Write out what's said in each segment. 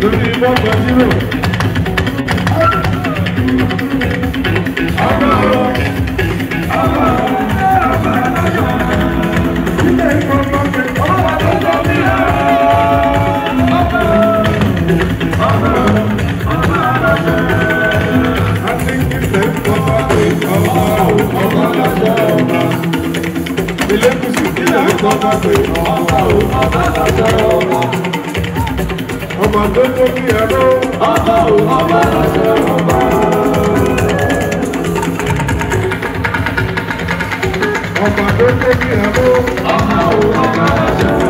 lórí bọ́ọ̀kọ̀ zero. Àbáwọ̀ àbáwọ̀ àbáwọ̀ ilé ìkọ̀kọ̀ pé ọlọ́wà tó sọ mí là. Àbáwọ̀ àbáwọ̀ àbáwọ̀ àti ìfẹ́ ìkọ̀kọ̀ pé ọlọ́wà ọ̀kọ̀ lọ́jọ́ ọ̀la. Ilé kùsùn kílẹ̀ ìkọ̀kọ̀ pé ọlọ́wà ọ̀kọ̀ my ọba tó tó bí ẹrú. ọba ò ọba láṣẹ ọba. ọba tó tó bí ẹrú. ọba ò ọba láṣẹ ọba.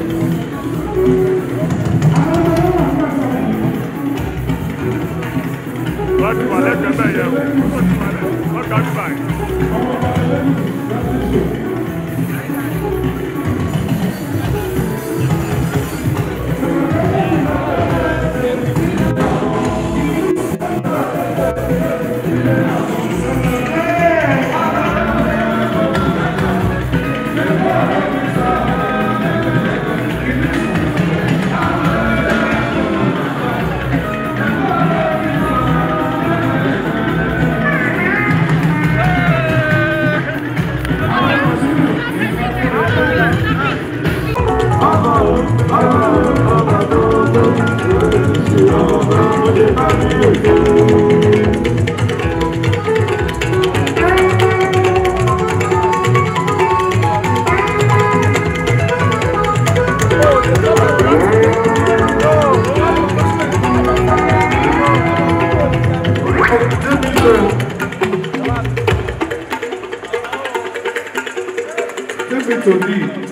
Give it to me.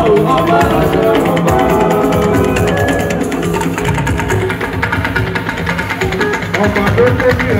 ọmọ tó tẹ́lẹ̀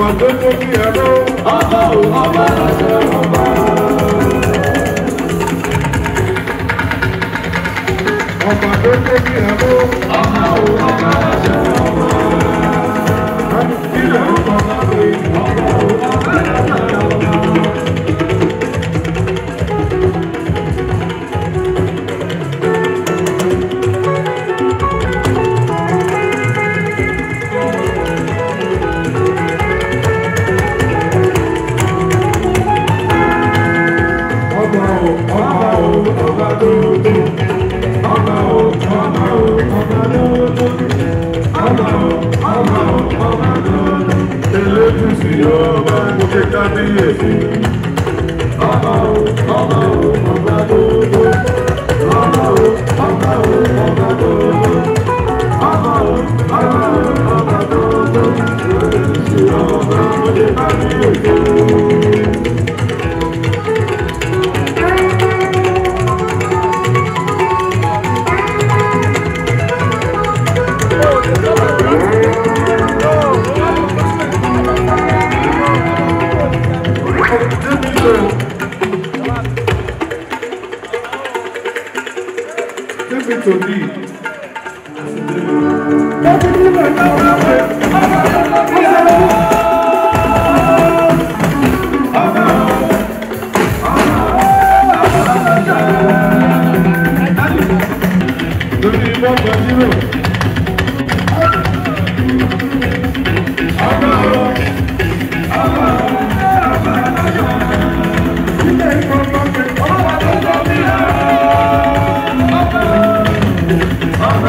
ọba tó jẹ́ kí ẹrú. ọba ò ọba àṣẹ ọba. ọba tó jẹ́ kí ẹrú. ọba ò ọba àṣẹ ọba. láti kí ẹrú bàbá Oh, Give it to me. Don't you do that? No, no, no. Thank you.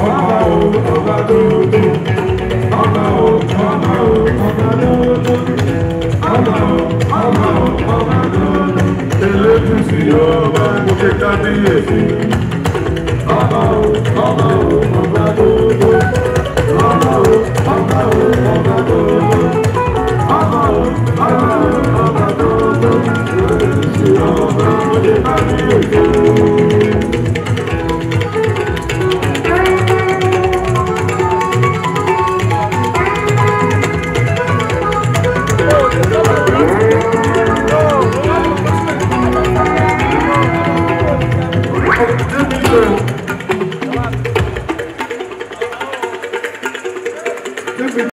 Uau, uau, uau,